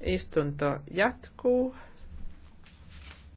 Istunto jatkuu.